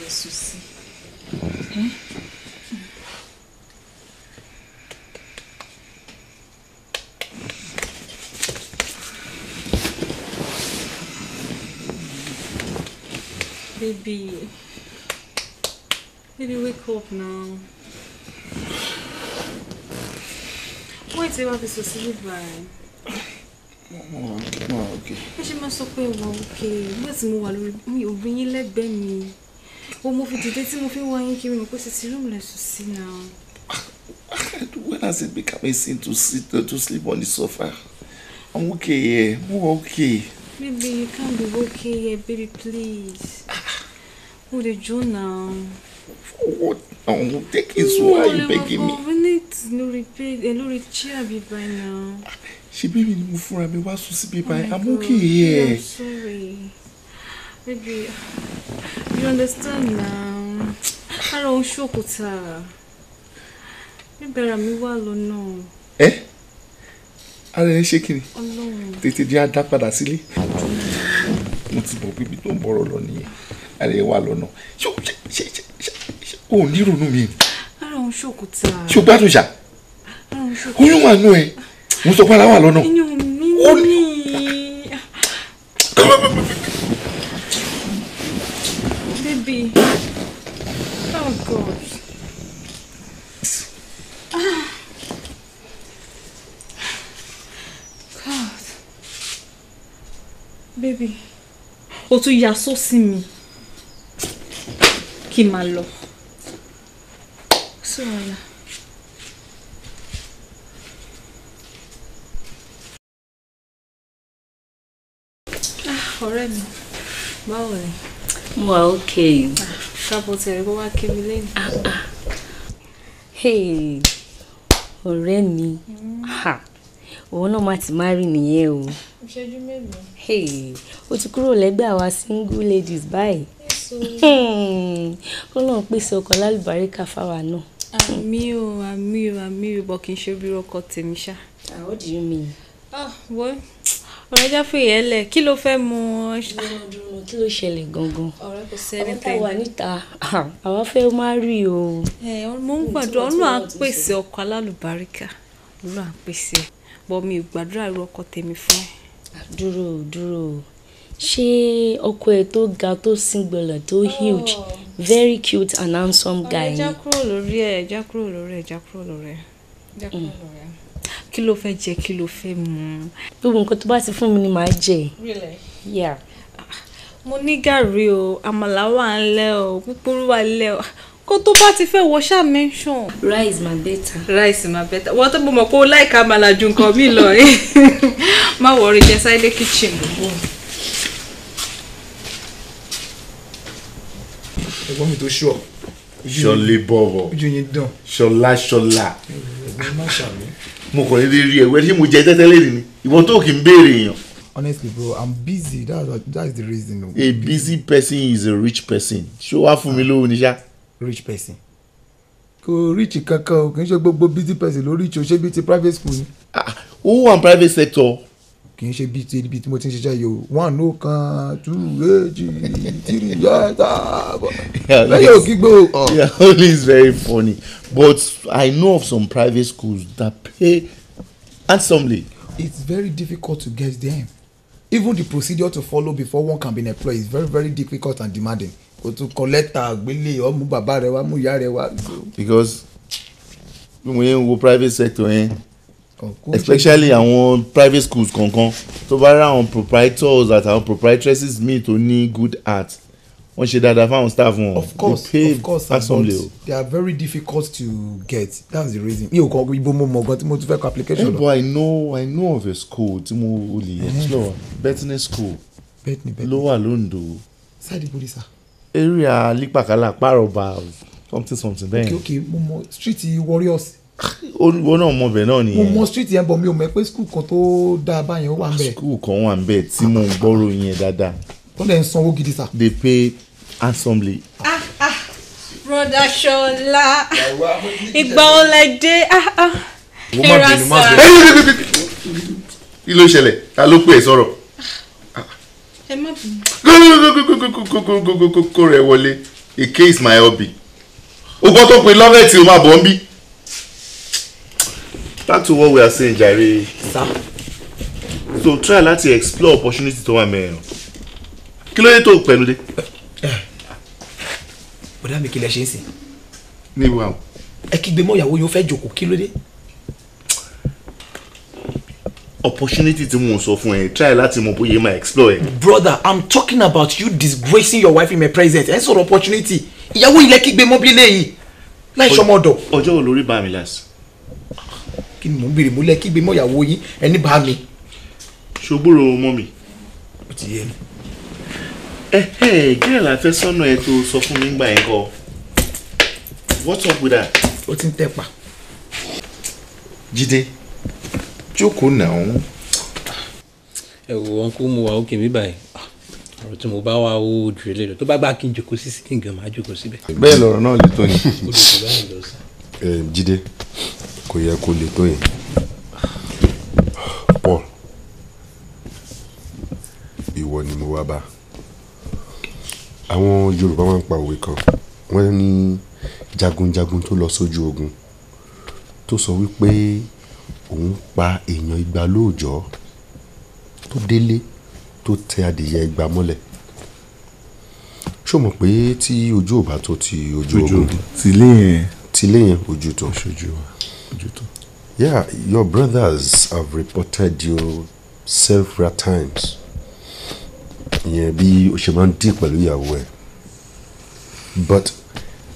les soucis. Hein? Baby, baby, wake up now. wọ́n ti wá fi sọ sí bíbá ẹ̀. wọ́n wà òkè. ẹ ṣe máa sọ pé wọ́n òkè nígbà tí mo wà lórí mi ò bí yín lẹ́gbẹ̀ẹ́ mi o mo fi dìde tí mo fi wá yín kiri ní kó sì ti rúùmù lẹ́sùn sí náà. When has it become a sin to sit to sleep on the sofa? I'm okay Yeah. I'm okay. Baby, you can't be okay yeah, baby, please. Oh, the Joe now. Oh, now? Take his no, why you begging me? Minutes, lórí bed, eh, lórí chair bí báyìí now. Ṣebí mi ni mo fúnra mi wá sùn síbí báyìí. Oh I'm okay here. Yeah, I'm sorry. Baby, you understand now. Ara òun ṣòkòtà. Bíbẹ̀rẹ̀ mi wà lọ́nà. Ẹ́ ara ẹ ṣé kiri. Ọlọ́run. Tètè jẹ́ adá padà sílé. Mo ti bọ̀ bíbi tó ń bọ̀rọ̀ lọ nìyẹn. Ara ẹ wà lọ́nà. Ṣé o ṣe o ò ní ronú mi. ara òun ṣòkò ta. ṣé o gbádùn ṣá. ara òun ṣòkò ta. oyún wà nù ẹ mo sọ pé ara wà lọ́nà. inú mi ní. baby oh god. Ah. God. Baby, o tún yasó sí mi kí n máa lọ. ọ̀rẹ́ mi báwo ni. mo wà ókè. ṣàbò tí ẹ̀rí kó wá kí mi lẹ́yìn. Ah, ah. ọ̀rẹ́ mi mm. òun náà má ti má rí nìyẹn o. ìṣẹ́jú mélòó. o ti kúrò lẹ́gbẹ́ àwa single ladies báyìí. Hmm. kó lóun pèsè ọkọ lálùbáríkà fáwa náà. àmì o àmì o àmì o bọ̀ kì í ṣe bí ọkọ tèmi ṣá. how do you mean. ah wọ́n. Well ọ̀rẹ́ jáfẹ́yẹ lẹ̀ kí ló fẹ́ mu. kí ló ṣẹlẹ̀ gangan. ọ̀rẹ́ kò sẹ́ni tẹ̀. àwọn táwa níta àwa fẹ́ má rí o. ẹ mo ń gbàdúrà ọlọ́run à ń pèsè ọkọ alálùbáríkà ọlọ́run à ń pèsè bọ́ mi ò gbàdúrà irú ọkọ tèmi fún. dúró dúró ṣé ọkọ ẹ tó ga tó singbọlọ tó huge oh. very cute and handsome guy. ọ̀rẹ́ já kúrò lórí ẹ̀ já kúrò lórí ẹ̀ já kúrò mm. lórí ẹ̀ já kúrò lórí ẹ̀ kí ló fẹ́ jẹ kí ló fẹ́ mu. gbogbo nǹkan tó bá ti fún mi ni màá jẹ. Really? Yeah. mo ní gàrí o àmàlà wà ńlẹ̀ o púpúrú wà ńlẹ̀ o kó tó bá ti fẹ́ wọ ṣáà mention. rice ma better. rice ma better wọ́n tó bọ́ mọ̀ pé ó láìka àmàlà ju nǹkan mi lọ ẹ́ má wọrí jẹ sáyẹ́dẹ́ kitchen. ẹ̀gbọ́n mi tó ṣọ́ ṣọlé bọ̀rọ̀ ṣọlá ṣọlá. ẹ̀gbọ́n mo kàn lè rí ẹwẹ́ ṣé mo jẹ tẹ́tẹ́ ni ìwọ tó kì í béèrè èèyàn. honestly bro i'm busy that's, that's the reason. a busy person is a rich person ṣó wá fún mi lówó ni ṣá. rich person kò rich kankan o kì í ṣe gbogbo busy person ló rich o ṣé bí ti private school ni. Ah, ó wà ní private sector kì í ṣe bíi ti ibi tí mo ti ń ṣiṣẹ́ yìí o one no oh, kan two èjì three yẹta lẹ́yìn òkígbó. yeah only is very funny but I know of some private schools that pay handsomely. it's very difficult to get them even the procedure to follow before one can be employed is very very difficult and demanding kò tún kọ́lẹ́tà àgbélé ọmú bàbá rẹ wá mú ìyá rẹ wá. because bí mo yẹn ń wo private sector yẹn. Eh? especially àwọn private schools kankan tó bá rí àwọn proprietors àti àwọn proprietresses míì to ní good art wọ́n ṣe dáadáa fáwọn staff wọn. of course of course handsomely o. they are very difficult to get that's the reason. mi ò kọ ibo mo mọ gan tí mo tún fẹ́ kọ application lọ. but i know i know of a school tí mo ò lè eh. explore Bethany school ló wà lóńdó. sáà dìbò lè sà. area lípàkálà pàrọ̀bà something something bẹ́ẹ̀. ok ok mo mọ street warriors olùwọ náà mọ bẹ náà nìyẹn. mo mọ street yẹn bọ mi ò mọ pé skul kan tó dáa báyẹn ó wà nbẹ. skul kan wà nbẹ tí mo ń gbọ́rọ̀ yẹn dáadáa. tó lè ń sanwó gidi sa. they pay assembly. broda Ṣọlá ìgbà ọlẹ dé ah sa. kí ló ṣẹlẹ̀ ta ló pè é sọ̀rọ̀. kó rẹ̀ wọlé èké is my hobby. o gbọ́ tó pe lọ́rẹ́ o máa bọ̀ ń bí back to what we are saying jare so try láti explore opportunity to wà mẹ́rin kí ló dé tó pẹ̀lú dé. bọ̀dá mi kí lẹ ṣe ń sìn. ní wa o. ẹ kígbe mọ́ ìyàwó yóò fẹ́ jòkó kí ló dé. opportunity tí mo sọ fún ẹ try láti mọ bóyá máa explore ẹ. brother i'm talking about you disgracing your wife in my presence ẹ sọ̀rọ̀ opportunity ìyàwó ilẹ̀ kígbe mọ́ bí eléyìí láì sọmọ ọ̀dọ̀. ọjọ́ olórí bá mi last kí ni mò ń bèrè mọ́lẹ̀ kí gbé mọ́yàwó yín ẹni bá mi. ṣògbóró mọ́ mi. ó ti yé mi. ẹ ẹ gírẹ̀ la fẹ́ sọ́nà ẹ tó sọ fún mi gbà yẹn kọ what's up with that. ó ti ń tẹ̀pa. jíde jókòó náà. ẹ wo ọkọ mo wà òkè mi báyìí ah, ọ̀rọ̀ tí mo bá wá ó jù ú lélẹ̀ tó bá gbà kí n jòkó sí sí kí n gan máa jòkó síbẹ̀. bẹ́ẹ̀ lọ́rọ̀ náà lè tó ni. jíde kò yẹ kó lè tó yẹn Paul ìwọ ni mo wá bá àwọn Yorùbá máa ń pa òwe kan wọ́n ní jagunjagun tó lọ sójú ogun tó sọ wípé òun pa èèyàn igba lóòjọ́ tó délé tó tẹ adìyẹ igba mọ́lẹ̀ ṣó mọ̀ pé tí ojú ò bá tó ti ojú ogun tìlé yẹn tìlé yẹn ojú tó ṣojú wa. Yeah, your brothers have reported you several times. Ìyẹn bí o ṣe máa ń dín pẹ̀lú ìyàwó ẹ̀. But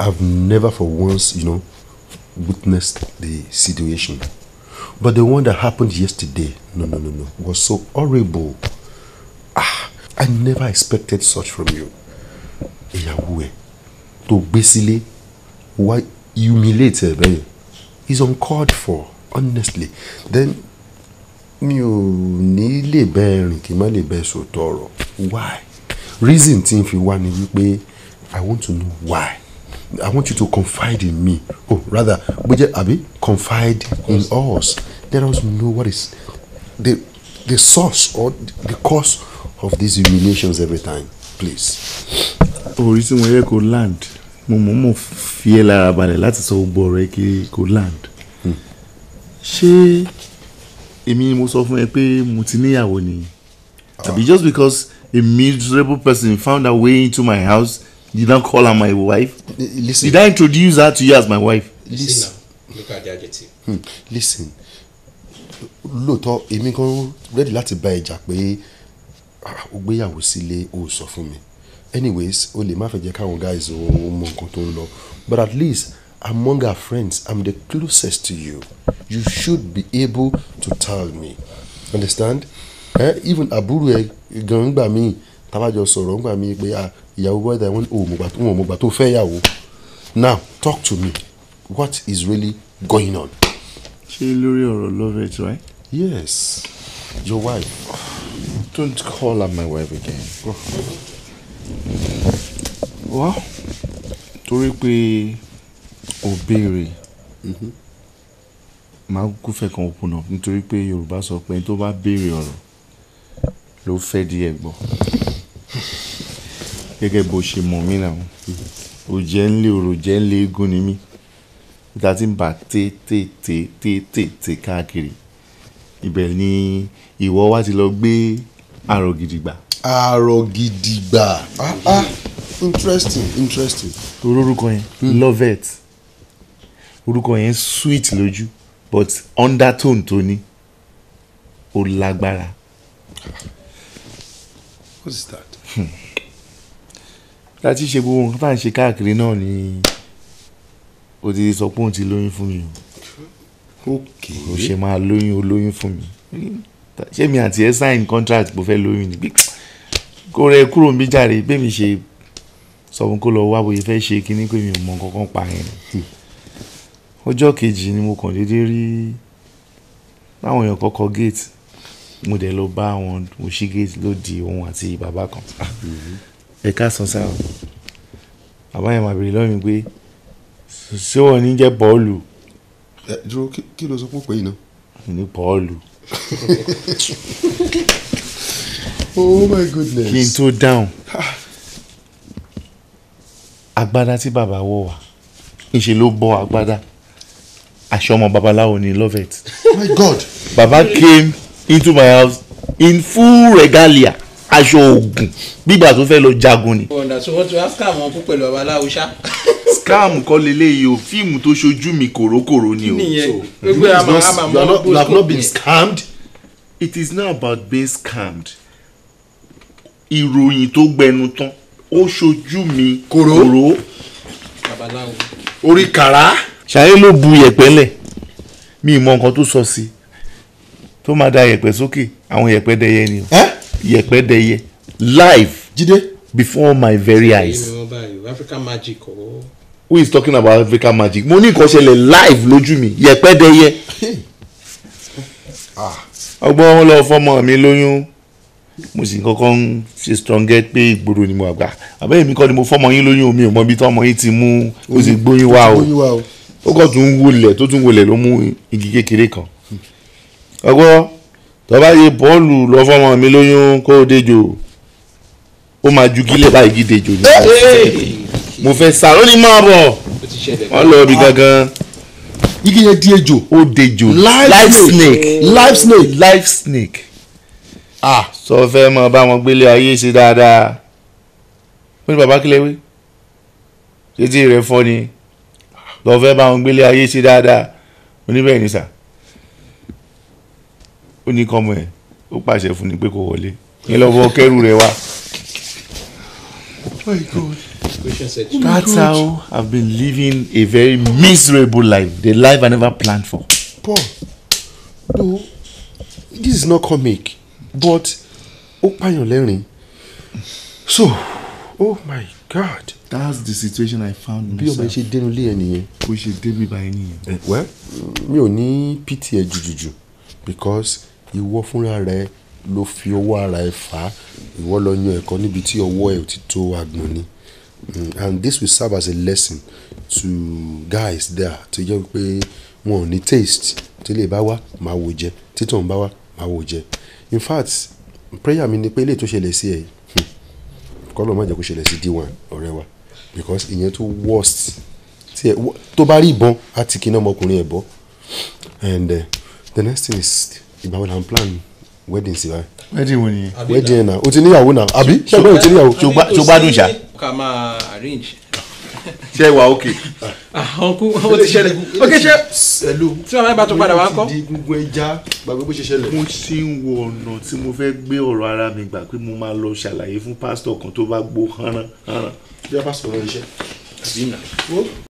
I've never for once, you know, witnessed the situation. But the one that happened yesterday, no, no, no, no, was so horrible. Ah, I never expected such from you. Ìyàwó ẹ̀ tó gbé sílé wá humiliate ẹ̀ bẹ́yẹn is uncalled for honestly then mi ò ní lè bẹ́ẹ̀ rìn kí n má lè bẹ́ẹ̀ sòtọ́ ọ̀rọ̀ why reason tí n fi wá ni wípé i want to know why i want you to confide in me oh rather bójẹ́ àbí confide in us let us know what is the the source or the cause of these humiliations every time please. orí tí wọ́n yẹ land mo mọ̀ mọ̀ fi ẹ́ lára balẹ̀ láti sọ gbogbo ọ̀rẹ́ kí kò land hmm. ṣé èmi mo sọ fún ẹ pé mo ti níyàwó ni àbí ah. just because a miserable person found her way into my house you don call her my wife listen. did I introduce her to you as my wife. listen look at the adjective. Hmm. listen lóòótọ́ èmi kan ready láti bá ẹ jà pé ah, o gbéyàwó sílé o sọ fún mi anyways o lè má fẹ́ jẹ́ káwọn guys o mọ nǹkan tó ń lọ but at least among our friends i'm the closest to you you should be able to tell me understand eh? even àbúrò ẹ gan gbà mí tábàjọ sọ̀rọ̀ gbà mí pé ah, ìyàwó bọ́dà wọn ò mọ̀gbà tó fẹ́ yàwó now talk to me what is really going on. ṣé lórí ọ̀rọ̀ love it right. yes your wife don't call her my wife again. Oh. Wá, torí pé o béèrè, mm-hmm. màá kúkú fẹ́ kan open up nítorí pé Yorùbá sọ pé ẹni tó bá béèrè ọ̀rọ̀ ló fẹ́ di ẹ gbọ́. Gẹ́gẹ́ bó ṣe mọ̀ mí now, òjẹ́ ń lé orò jẹ́ ń lé eégún ni mí. Bí ta tí ń bà té káàkiri, ibẹ̀ ni ìwọ wá ti lọ gbé àrò gidi gbà àárọ̀ gidigba ah ah interesting interesting. torí orúkọ yẹn hmm. love it orúkọ yẹn sweet lójú but undertone tó ní ó lágbára. what is that. láti hmm. ṣe gbogbo nǹkan tá à ń ṣe káàkiri náà ni o ti sọ pé òun ti lóyún fún mi o. ok o ṣe máa lóyún o lóyún fún mi hmm. ṣé mi àti ẹ sign contract bó fẹ́ lóyún ni kó rẹ kúrò ń bí jàre bẹ́ẹ̀mi ṣe sọ fún kó lọ wá bóyá fẹ́ ṣe kínní pé mi ò mọ kankan pa yẹn hmm. ọjọ́ kejì ni mo kàn déédéé rí báwọn èèyàn kọ́kọ́ gate mo dẹ̀ lọ bá wọn mo ṣí gate ló di òun àti bàbá kan hmm. ẹ̀ka sàn sáà bàbá yẹn máa bèrè lọ́wọ́ mi pé ṣé wọ́n ní jẹ́ bọ́ọ̀lù. dúró kí ló sọ fún pé yìí náà. ní bọ́ọ̀lù. oh my goodness. kí n tó dáhùn agbádá tí bàbá wọ̀ wá ńṣe ló bọ́ agbádá aṣọ ọmọ babaláwo ni love it. my god. Baba came into my house in full regalia aṣọ oògùn gbígbà tó fẹ́ lọ jagun ni. ọ̀nà tí wọ́n ti wá scam wọn kú pẹ̀lú babaláwo ṣá. scam kọ́ leléyìí o fíìmù tó ṣojú mi kòrókòró ni o. nìyẹn gbogbo àmàmọ́ you have not been scammed. it is now about being scammed ìròyìn tó gbẹnu tán ó ṣojú mi kòró orí kàrá. ṣayé ló bu yẹ̀pẹ̀ lẹ̀ mi ì mọ nǹkan tó sọ sí i tó máa da yẹ̀pẹ̀ sókè àwọn yẹ̀pẹ̀ dẹyẹ ni o yẹ̀pẹ̀ dẹyẹ live Jide before my very eyes. Oh. who is talking about African magic mo ní nǹkan ṣẹlẹ̀ live lójú mi yẹ̀pẹ̀ dẹyẹ. Ah. ọgbọ́n lọ fọmọ mi lóyún mo sì kọ́kọ́ ń ṣe strongest pé ìgboro ni mo àgbà àbẹ́ èmi kọ́ ni mo fọ́mọ yín lóyún omi ò mọ ibi tí ọmọ yín ti mú ó sì gbóyún wá o ó kàn tún wọlé tó tún wọlé ló mú igi kékeré kan ọgbọ́ tọ́ba yẹ bọ́ọ̀lù lọ fọ́mọ mi lóyún kó o déjò ó máa ju gílẹ̀ báyìí igi déjò ní mo fẹ́ sá ó ní máa bọ̀ wọ́n lọ ibi ah. gangan igi yẹn ó dejò live snake live snake live snake à sọ fẹ́ mọ bá wọn gbélé ayé ṣe dáadáa pé bàbá kílẹ̀ wí ṣètì rẹ̀ fọ́ ni lọ fẹ́ bá wọn gbélé ayé ṣe dáadáa oníbẹ̀rẹ̀ ní sà ó ní kọ́mọ ẹ̀ ó pàṣẹ fún ni pé kó wọlé yẹn lọ́ kẹ́rù rẹ̀ wá. Oh oh That's how I've been living a very miserable life. The life I never planned for. Paul, no, this is not comic but ó pààyàn lẹ́rìn so oh my god. that's the situation i found myself. bí ọmọ ẹ ṣe dénú lé ẹ nìyẹn. bó ṣe débi báyìí nìyẹn. Eh, well mi ò ní pity ẹ jùjùjù because ìwọ fúnra rẹ ló fi ọwọ́ ara ẹ fà á ìwọ lọ yan ẹ̀kọ́ níbi tí ọwọ́ ẹ ti tó agbọ̀n ni mm, and this will serve as a lesson to guys there to jẹ́ pé wọn ò ní taste tí lè bá wá máa wò jẹ títàn bá wá máa wò jẹ in fact prayer mi ni pé eléyìí tó ṣẹlẹ̀ sí ẹ̀ hmm, kọ́ ló má jẹ́ kó ṣẹlẹ̀ sí d1 ọ̀rẹ́ wa because ìyẹn tó worst tí ẹ tó bá rí ìbọn á ti kí iná ọmọkùnrin ẹ̀ bọ́ and uh, the next thing is ìgbà wo la n plan wedding sí wa. wedding wo ni. wedding ẹ̀ na o ti níyàwó na abi? ṣẹ́gbẹ́ o ti níyàwó. ṣùgbọ́n gbádùn ṣá. ká máa arrange ṣe wà ókè. ọkú ó ti ṣẹlẹ̀ ókè ṣe tí wọn bá tún padà wá kọ. mo ti di gungun ẹja gbàgbé bó ṣe ṣẹlẹ̀. mo ti ń wo ọ̀nà tí mo fẹ́ gbé ọ̀rọ̀ ara mi gbà pé mo máa lọ ṣàlàyé fún pásítọ̀ kan tó bá gbó hánran hánran. bí a bá sọ̀rọ̀ iṣẹ́.